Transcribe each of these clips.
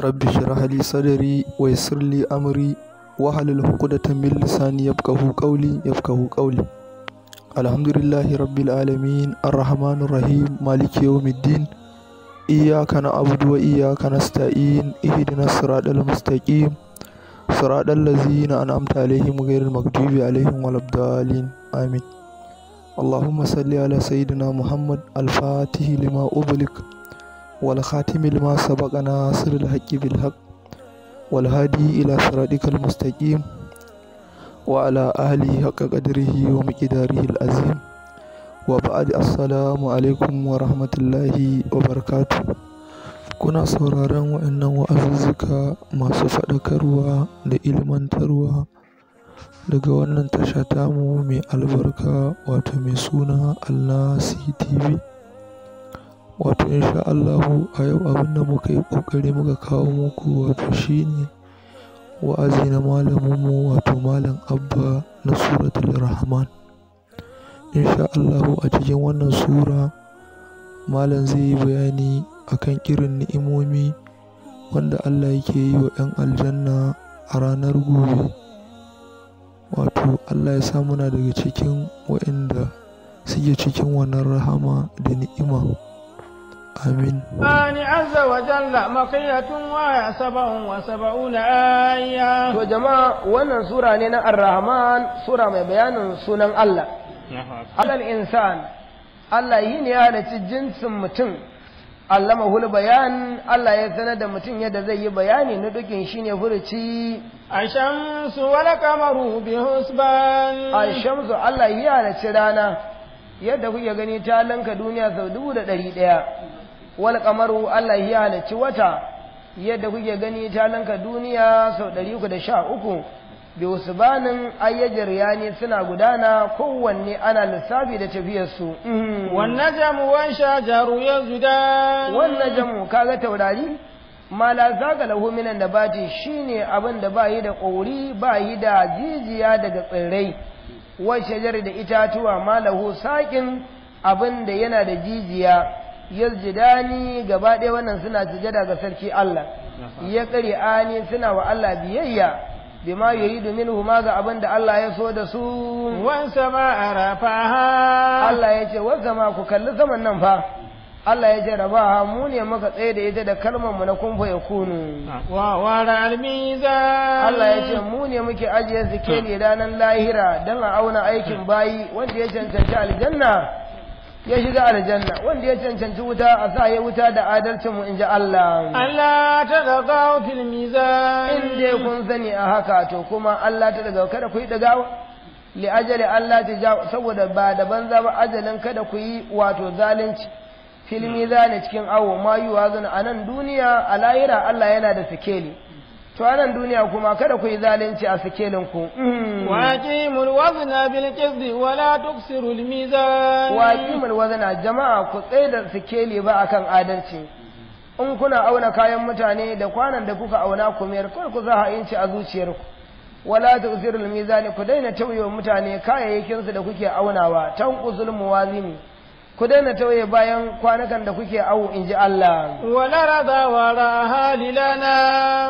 rabbi shirah li sadari wa yassir li amri wa halal hukudatan min lisani yafqahu qawli yafqahu qawli alhamdulillahi rabbil alamin arrahmanir rahim maliki yawmiddin iyyaka na'budu wa iyyaka nasta'in ihdinas siratal mustaqim siratal ladzina an'amta alaihim ghairil maghdubi alaihim waladdallin amin اللهم صل على سيدنا محمد الفاتح لما أبلغ والخاتم لما سبق ناصر الحق بالحق والهادي إلى صراطك المستقيم وعلى أهله حق قدره ومقداره العظيم وبعد السلام عليكم ورحمة الله وبركاته kuna sauraron waɗannan wa'azuzzuka masu faɗakarwa da ilmantarwa daga wannan tasha tamu mai albarka wato mai suna Allah TV. wato insha Allahu a yau abin da muka yi ƙoƙari muka kawo muku wato shi ne wa'azi na malaminmu wato malam abba na suratul rahman insha Allahu a cikin wannan sura malam zai yi bayani akan irin ni'imomi wanda Allah yake yi wa 'yan aljanna a ranar gobe wato Allah ya sa muna daga cikin waɗanda suke cikin wannan rahama da ni'ima آمين آن عز وجل مقية وآية سبع وسبعون آية وجماعة وانا سورة نينا الرحمن سورة مبيان سنن الله على الإنسان الله يني على جنس متن allama hul bayan Allah ya sanar da mutum yadda zai yi bayani na dukin shine furuci ashamsu wal qamaru bi husban ashamsu Allah ya halarci rana yadda kuke gani ta lanka duniya sau dubu da ɗari ɗaya wal kamaru Allah ya halarci wata yadda kuke gani ta lanka duniya sau 313 bi usbanin ayyajir yani suna gudana kowanne ana lissafi da tafiyar su mm. wan najmu wan shajaru yazudan wan najmu kaga taurari Mala zaga lahu minan nabati shine abin da yi da kauri bayi da jijiya daga tsirrai wa shajar da itatuwa malahu lahu sakin abin da yana da jijiya yaljidani gaba ɗaya wannan suna sujada ga sarki Allah ya kare ani suna wa Allah biyayya bima yuridu minhu ma ga abin da Allah ya so da su wan sama arafaha Allah ya ce wan sama ku kalli zaman nan fa Allah ya ce rabaha mu ne muka tsaye da ita da kalmar mu na kun fa yakunu wa wa almizan Allah ya ce mu ne muke ajiye sikeli ranar lahira dan a auna aikin bayi wanda ya cancanci aljanna ya shiga aljanna wanda ya cancanci wuta a sa ya wuta da adalcin mu inji Allah Allah ta daga fil mizan in dai kun sani a haka to kuma Allah ta daga kada ku yi dagawa li ajali Allah ta saboda ba da banza ba ajalin kada ku yi wato zalunci fil mizan cikin awo ma yuwa zan anan duniya a lahira Allah yana da sikeli to duniya kuma kada ku yi zalunci a sikelin ku mm. waqimul wazna bil qisti wa la tuksirul mizan waqimul wazna jama'a ku tsaye da sikeli ba akan adalci in kuna auna kayan mutane da kwanan da kuka auna ku kar ku zaha inci a zuciyarku wala tuksirul mizan ku daina tauyewa mutane kayayyakinsu da kuke aunawa tan zulmu muwazini ku daina tauye bayan kwanakan da kuke awo in ji Allah. Wal wa halilana.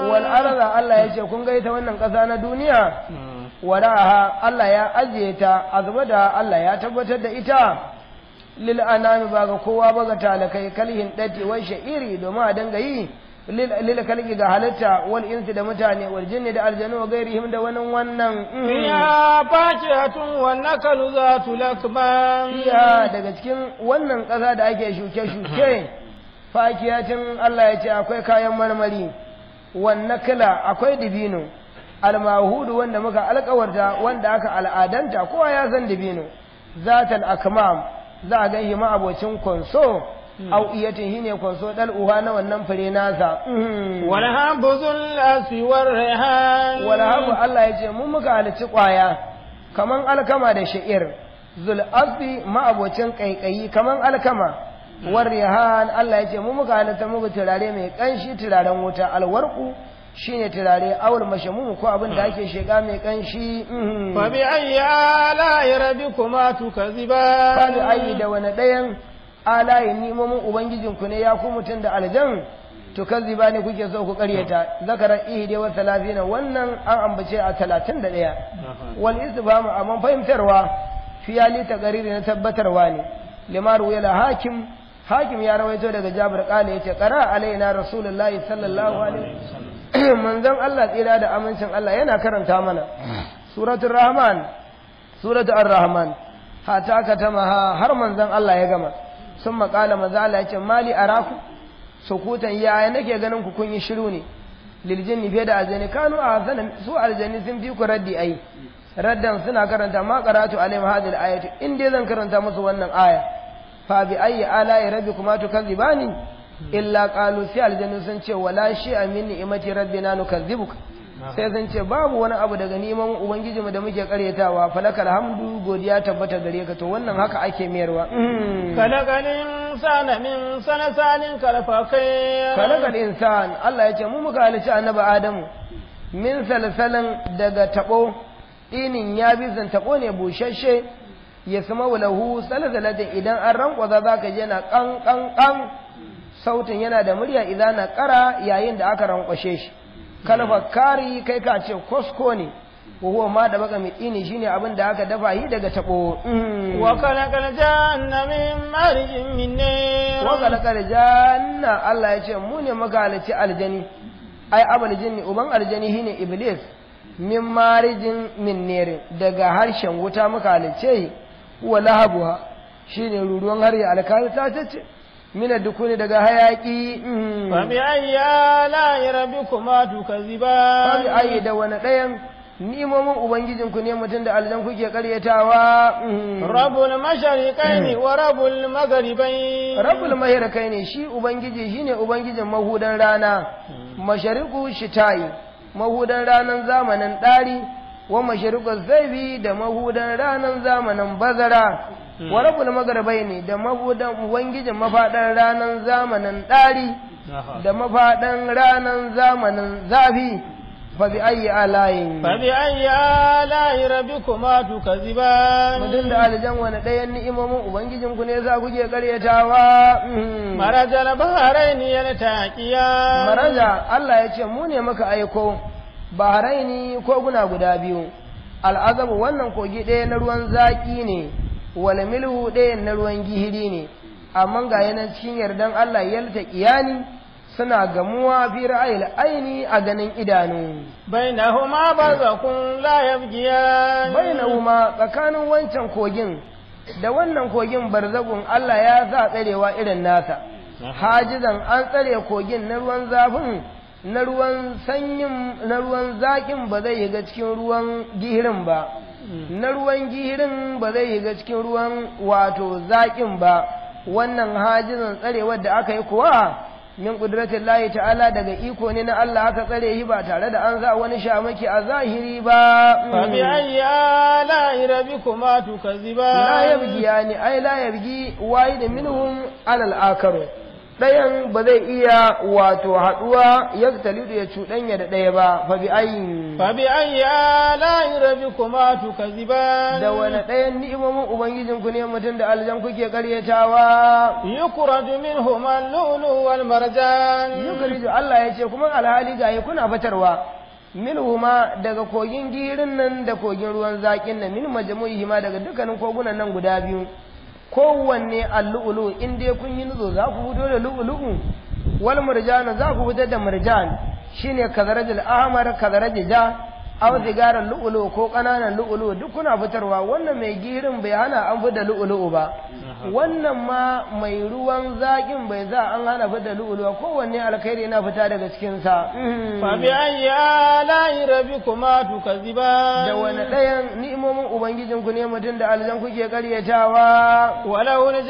Wal Allah ya ce kun gaita wannan ƙasa na duniya. Hmm. Waraha Allah ya ajiye ta a da Allah ya tabbatar da ita. Lil anami ba ga kowa ba ga talakai kalhin ɗati wai sha'iri domin a dinga yi. lil kalki ga halitta wal insi da mutane wal jinni da aljanu wa gairihim da wani wannan ya mm. fakihatun wa nakalu zatu lakban ya daga cikin wannan kasa da ake shuke shuke fakihatin Allah ya ce akwai kayan marmari wa nakala akwai dibino almahudu wanda muka alkawarta wanda aka al'adanta kowa ya san dibino zatal akmam za a ga ma abocin konso Hmm. aw iyatin shine kwaso dal uha na wannan fure nasa hmm. wala habuzul aswar rihan Allah yace mun muka halici kwaya kaman alkama da sha'ir zul asbi ma'abocin kaikayi kaman alkama hmm. war rihan Allah yace mun muka halitta muku turare mai kanshi turaren wuta alwarku shine turare awul mashamu ko abin da ake shiga mai kanshi fa bi ayyi ala rabbikuma tukaziban fa bi ayyi da wani ɗayan. alayin nimomin ubangijinku ne ya ku mutum da aljan to ziba ne kuke so ku karyata ihi dai wata lafina. wannan an ambace a talatin da 31 wal isbam amman fahimtarwa fiyali ta ƙariri na tabbatarwa ne Limaru yana hakim hakim ya rawaito daga jabir kala yace qara alaina rasulullahi sallallahu alaihi wasallam manzon Allah tsira da amincin Allah yana karanta mana suratul rahman suratul ar-rahman hata har manzon Allah ya gama sun maƙala maza ya ce mali araku sukutan yaya nake ganin ku kun yi shiru ne liljinni fiye da aljani kanu a zanen su aljani sun fi ku raddi ayi. raddan suna karanta ma karatu alaihim hadhihi ayatu in dai zan karanta musu wannan aya fa bi ayyi ala'i rabbikuma bani. illa qalu sai aljani sun ce wala shi'a min na rabbina nukazzibuka sai zan ce babu wani abu daga neman ubangiji mu da muke karyatawa falakal hamdu godiya tabbata gare ka to wannan haka ake mayarwa hmm. falakal insana min kalfakai insan Allah ya ce mu muka halici annabi adamu min salsalin daga tabo dinin ya bi zan tabo ne bushashe ya sama walahu salsalatin idan an rankwaza zaka yana kan kan kan sautin yana da murya idan na kara yayin da aka rankwashe shi kalbakari kai ka ce kosko ne wa ma da baka mai ini shine abin da aka dafa yi daga tabo mm. wa kalakal janna min marjin min ne wa Allah ya ce mu ne magalaci aljani ai abal ne uban aljani shine iblis min marijin min ne daga harshen wuta makalace wa lahabuha shine ruruwan harya alkalita ce من الدكون دقا هياكي فبأي آلاء ربكما تكذبان فبأي دوانا ديان ni'imomin ubangijinku ne mutum da aljan kuke karyatawa rabul ne wa rabul magharibain rabul mashariqaini shi ubangiji shine ubangijin mahudan rana mashariqu shitai mahudan ranan zamanin ɗari wa mashariqu zaibi da mahudan ranan zamanin bazara na hmm. rabbul ne da mabudan ubangijin mafadan ranar zamanin dari da mafadan ranar zamanin zafi fa bi ayi alayin fa bi ayi alayi rabbikuma tukaziban mudin da alijan wani dayan ni'imomin ubangijin ku ne za ku ke je karyatawa hmm. maraja labaraini yaltaqiya maraja Allah ya ce mu ne muka aiko ba baharaini koguna guda biyu al'azabu wannan kogi ɗaya na ruwan zaƙi ne wala milhu ɗaya na ruwan gihiri ne amma ga cikin yardan Allah yalta iyani suna gamuwa fi ra'ayil aini a ganin idanu bainahuma barzakun la yabgiyan bainahuma tsakanin wancan kogin da wannan kogin barzagun Allah ya sa tsarewa irin nasa hajizan an tsare kogin na ruwan zafin na ruwan sanyin na ruwan zakin ba zai ga cikin ruwan gihirin ba na ruwan gihirin ba zai ga cikin ruwan wato zaƙin ba wannan hajizan tsare wadda aka yi kuwa min ƙudratin layi ta'ala daga iko ne na Allah aka tsare shi ba tare da an za wani maki a zahiri ba. Mm. Fabi ayi ala irabi kuma tukazi ba. La yabgi yani ai la yabgi wayi da minhum alal akaru. ɗayan ba zai iya wato haɗuwa ya talidu ya cuɗanya da ɗaya ba fa bi ayi fa bi ayi ala rabi kuma tukaziban da wani ɗayan ni'imomin ubangijin ku ne mutum da aljan kuke ƙaryatawa yukraju minhum al-lulu wal marjan yukraju Allah ya ce kuma alhali ga kuna batarwa minhuma daga kogin girin nan da kogin ruwan zaƙin nan min ma daga dukkanin kogunan nan guda biyu kowanne allu'ulu in dai kun yi nutsu za ku fito da lu'ulu'u wal murjana za ku fitar da murjan shine kazarajul ahmar kazarajul ja aw zigaran lu'ulu ko kananan lu'ulu duk kuna fitarwa wannan mai girin bai hana an fida lu'ulu ba wannan ma mai ruwan zaƙin bai za an hana fida lu'ulu ba kowanne alkhairi na fita daga cikin sa yi bi rabi kuma tuka ziba. da wani ɗayan ni'imomin ubangijin ku ne mutum da aljan kuke karyatawa walau mun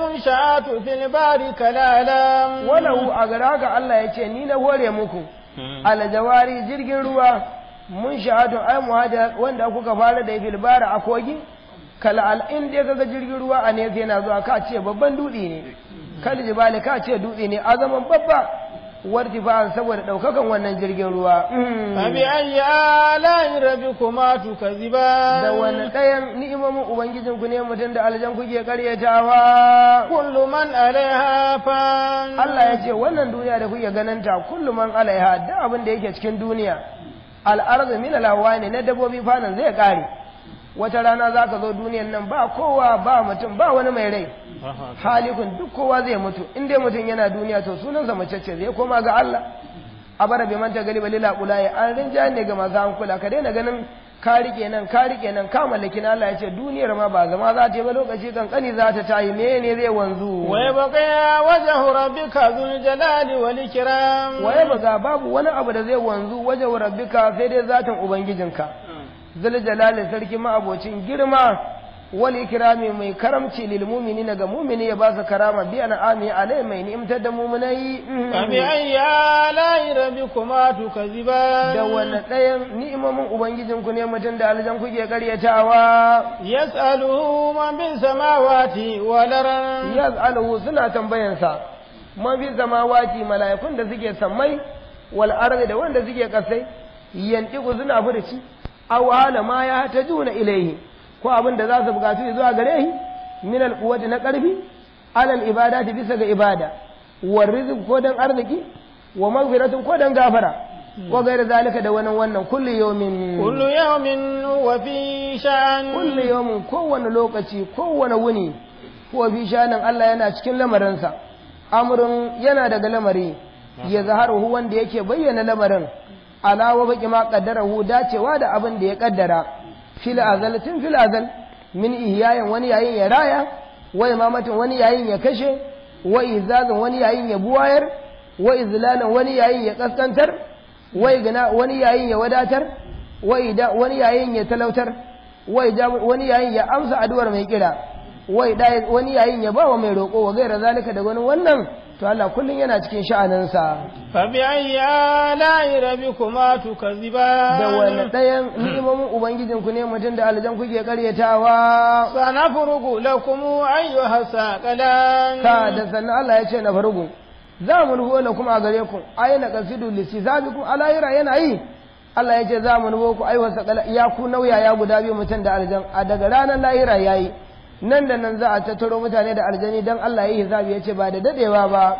munsha'atu fil bari kalalam walau a gara ga Allah ya ce ni na hore muku hmm. aljawari jirgin ruwa mun shahadun ai muhada wanda kuka fara da fil bara a kogi kal al in dai kaga jirgin ruwa a ne yana zuwa ka ce babban dutse ne kal jibali ka ce dutse ne azaman babba wartifa'an saboda daukakan wannan jirgin ruwa fa ya ayyi ala'i rabbikuma tukaziban da wani dayan ni'imomin ubangijin ku ne mutum da aljan kuke karyatawa kullu man alaiha fan Allah ya ce wannan duniya da kuke ganin ta kullu man alaiha da abin da yake cikin duniya al'arzu lawa ne na dabobi fanan zai kare wata rana za ka zo duniyan nan ba kowa ba mutum ba wani mai rai halikun duk kowa zai mutu inda mutum yana duniya to sunansa mace zai koma ga Allah a bara bai manta galiba lila kula an rinja ne ga masu hankula ka daina ganin ka rike nan ka rike nan ka mallaki na Allah ya ce duniyar ma ba zama za ta yi ba lokaci kankani za ta tayi ne zai wanzu wa baka ya wajhu rabbika zul jalali wal ikram wa baka babu wani abu da zai wanzu wajhu rabbika sai dai zatan ubangijinka zul hmm. jalali sarki ma abocin girma wal ikrami mai karamci lil mu'minina ga ya ba su karama bi an'ami alai mai ni'imtar da mu'minai bi ayya la rabbikuma tukaziban da wannan dayan ni'imomin ubangijin ku ne mutum da aljan ku ke karyatawa yas'aluhu man bin samawati wal ard yas'aluhu suna tambayansa man fi samawati da suke sammai wal da wanda suke kasai yantiku suna furci aw hala ma ya tajuna ilaihi ko abin da za su buƙaci zuwa gare shi min alquwwati na ƙarfi alal ibadati bisa ga ibada wa rizq ko dan arziki wa maghfiratun ko dan gafara da wannan wannan kullu yawmin kullu yawmin wa fi shan kullu yawmin ko wani lokaci ko wani wuni ko fi shanin Allah yana cikin lamarinsa amrun yana daga lamari ya zaharu wanda yake bayyana lamarin alawa baki ma hu dacewa da abin da ya kaddara fil azal tun fil azal min ihyayin wani yayin ya raya wa imamatin wani yayin ya kashe wa izazin wani yayin ya buwayar wa izlalan wani yayin ya kaskantar wa igna wani yayin ya wadatar wa ida wani yayin ya talautar wa ida wani yayin ya amsa addu'ar mai kira wa ida wani yayin ya bawa mai roƙo wa gaira zalika da wani wannan to Allah kullum yana cikin sha'aninsa fa bi ayya la rabbikuma tukazziban da wani dayan ni'imomin ubangijin ku ne mutum da aljan kuke karyatawa furugu lakum ayyuha saqalan ka da sannan Allah ya ce na farugu za mu nuhu lakum a gare ku ayna qasidu lisizabikum alayra yana yi Allah ya ce za mu nuhu ku ayyuha saqalan ya ku nauya ya guda biyu mutum da aljan a daga ranar lahira yayi nan da nan za a tattaro mutane da aljani don Allah yi hisabi ya ce ba da dadewa ba.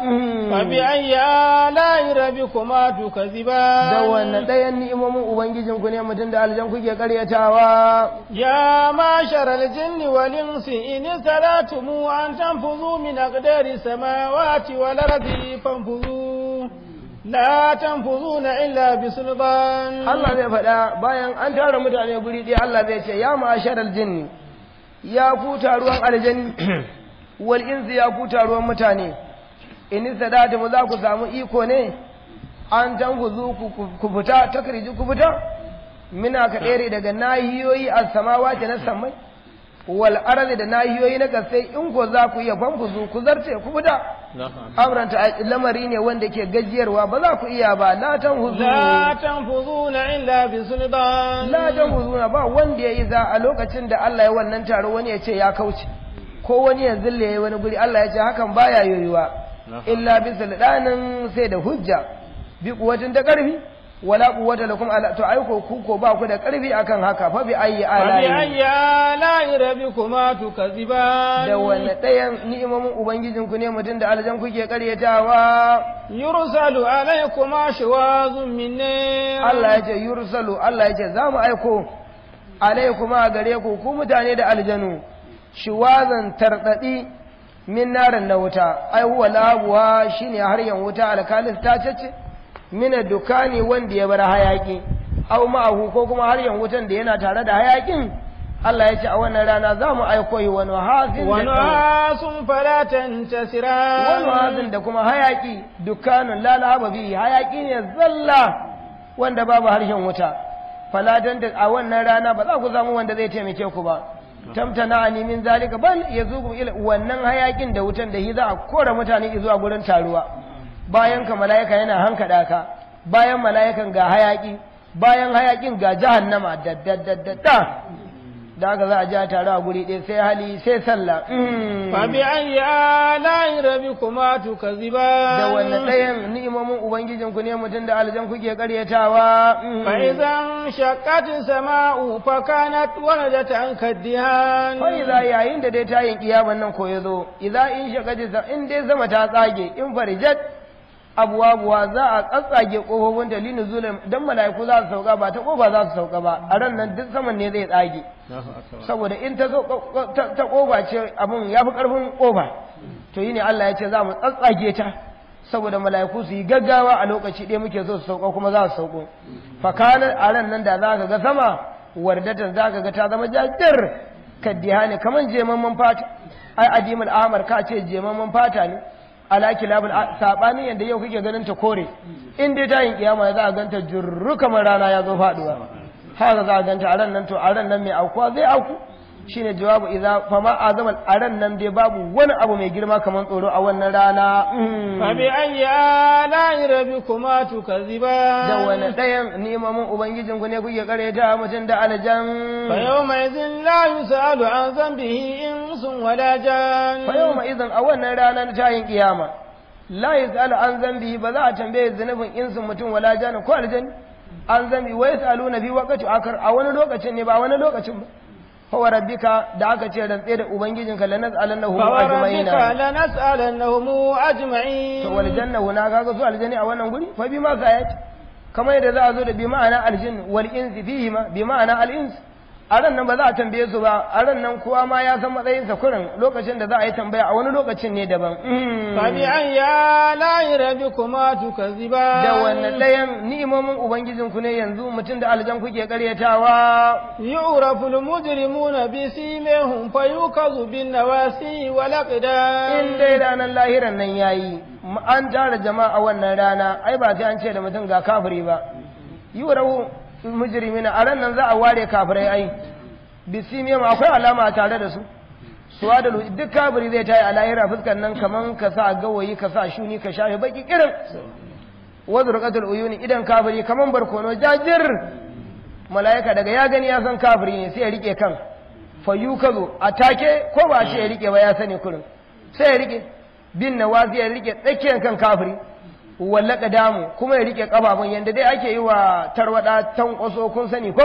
Fabi an yi alayi rabi kuma tuka ziba. Da wannan ɗayan ni'imomin Ubangijin ku ne mutum da aljan kuke karyatawa. Ya ma sharar jinni wal insi in mu an tanfuzu min aqdari samawati wal ardi fanfuzu. La na illa bi sulban. Allah zai faɗa bayan an tara mutane guri ɗaya Allah zai ce ya ma sharar jinni. ya kuta ruwan aljani wal inzi ya kuta ruwan mutane in istadatu mu za ku samu iko ne an tanfuzu ku fita takriju ku fita mina ka daga nahiyoyi samawa samawati na samai wal ardi da nahiyoyi na gaske in ko za ku iya zu ku zarce ku fita amran ta lamari ne wanda ke gajiyarwa ba za ku iya ba la huzu la tanfuzuna illa bi sultan la tanfuzuna ba wanda yayi za a lokacin da Allah ya wannan taro wani ya ce ya kauce ko wani ya zille yayi wani guri Allah ya ce hakan baya yoyuwa illa bi sultanin sai da hujja bi kuwatin da karfi wala quwwata lakum ala to ai ko ku ko ba ku da karfi akan haka fa bi ayi ala bi ayi ala rabbikuma tukaziban da wani dayan ni'imomin ubangijin ku ne mutun da aljan ku kuke karyatawa yursalu alaykuma shawazun min Allah ya ce yursalu Allah ya ce za mu aiko alaykuma gare ku ku mutane da aljanu shiwazan tardadi min narin na wuta ai huwa labuwa shine har yan wuta alkalis ta cece mina dukani wanda ya bar hayaki aw ma'ahu ko kuma har yan wutan da yana tare da hayakin Allah ya ce a wannan rana za mu aiko yi wani hazin wani falatan tasira wani hazin da kuma hayaki dukkanin lalaba bi hayaki ne zalla wanda babu harshen wuta falatan a wannan rana ba za ku samu wanda zai taimake ku ba tamtana ani min zalika bal yazuqu wannan hayakin da wutan da hi za a kora mutane zuwa gurin taruwa bayan ka mala'ika yana hankada ka bayan mala'ikan ga hayaki bayan hayakin ga jahannama daddaddadda da aka za a ja tare a guri ɗaya sai hali sai sallah mm. fa bi ayi ala'i rabbikuma ziba. da wanne ɗayan ni'imomin ubangijin ku ne mutum da aljan kuke karyatawa mm. fa idan shaqqat sama'u fa kanat waladatan kadihan fa idza yayin da dai tayin kiyaman nan ko yazo idza in shaqqat in dai zama ta tsage in farijat abuwa za a tsatsage kofofin dalilin linu zulum dan malaiku za su sauka ba ta kofa za su sauka ba a ran nan duk saman ne zai tsage saboda in ta ta kofa ce abun yafi karfin kofa to ne Allah ya ce za mu tsatsage ta saboda mala'iku su yi gaggawa a lokaci ɗaya muke so su sauka kuma za su sauko Fakana a ran nan da za ka ga sama wardatan za ka ga ta zama jajjar kaddiha ne kamar jemamman fata ai adimul ahmar ka ce jemamman fata ne ala kilabul sabanin yanda yau kake ganin ta kore in dai tayin kiyama za a ganta jurru kamar rana ya zo faduwa haka za a ganta a ran nan to a ran nan mai aukuwa zai auku shine jawabu idza fama azamal a ran nan dai babu wani abu mai girma kamar tsoro a wannan rana hmm. fa bi ayyi ala'i rabbikuma tukaziban da wani dayan ni'imomin ubangijin ku ne kuke kareta mutum da aljan fa yawma idhin la yusalu an zambihi in insun wala jan fa a wannan ranar tayin kiyama la yas'alu an zambi ba za a tambaye zunubin insun mutum wala jan ko aljan an zambi wa yas'alu nabi waqtu akar a wani lokacin ne ba wani lokacin ba fa rabbika da aka ce rantse da ubangijinka lanas'alannahum ajma'ina fa lanas'alannahum ajma'in to wal janna wana kaga su aljanni a wannan guri bi ma kamar za a zo da bi aljin wal ma bi a ran nan ba za a tambaye su ba a ran nan kowa ma ya san sa kurin lokacin da za a yi tambaya a wani lokacin ne daban hmm. fabi an ya layi rabi kuma ziba. da wannan ɗayan ni'imomin ubangijin ku ne yanzu mutum da aljan kuke karyatawa yu'raful mujrimuna bi simihum fayukazu bin nawasi wa aqdam in dai ranar lahiran nan yayi an tara jama'a wannan rana ai ba sai an ce da mutum ga kafiri ba yu'rafu mujrimina a ran nan za a ware kafirai ai ma akwai alama tare da su suwa da duk kafiri zai tayi a lahira fuskan nan kaman ka sa gawayi ka sa shuni ka shafe baki irin wazurqatul uyuni idan kafiri kaman barkono jajir malaika daga ya gani ya san kafiri ne sai ya rike kan fayu kazo atake ko ba shi ya rike ba ya sani kurin sai ya rike bin nawazi ya rike tsakiyar kan kafiri wallaka damu kuma ya rike kababun yanda dai ake yi wa tarwada tankwaso kun sani ko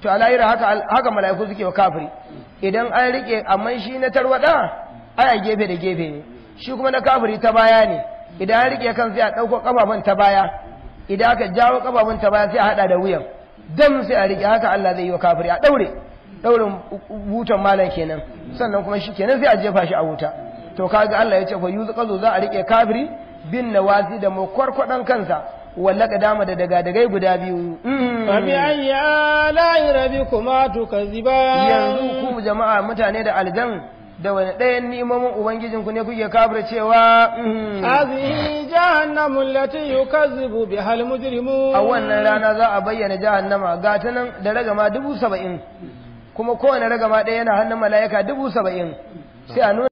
to alayira haka haka mala'iku suke wa kafiri idan an rike amma shi na tarwada aya gefe da gefe ne shi kuma na kafiri ta baya ne idan an rike kan sai a dauko kababun ta baya idan aka jawo kababun ta baya sai a hada da wuyan Dan sai a rike haka Allah zai yi wa kafiri a daure daurin wutan malam kenan sannan kuma shi kenan sai a jefa shi a wuta to kaga Allah ya ce fa yuzu za a rike kafiri bin nawazi da mu kwarkwadon kansa walla dama da daga dagai guda biyu mm. abi rabi la tuka ziba. yanzu ku jama'a mutane da aljan da wani ɗayan ubangijin ubangijinku ne kuke kabir cewa mm. azihi jahannamu allati bi bihal mujrimu. a wannan rana za a bayyana jahannama ga ta nan da ragama dubu saba'in kuma kowane ragama ɗaya yana hannun mala'ika dubu saba'in sai a nuna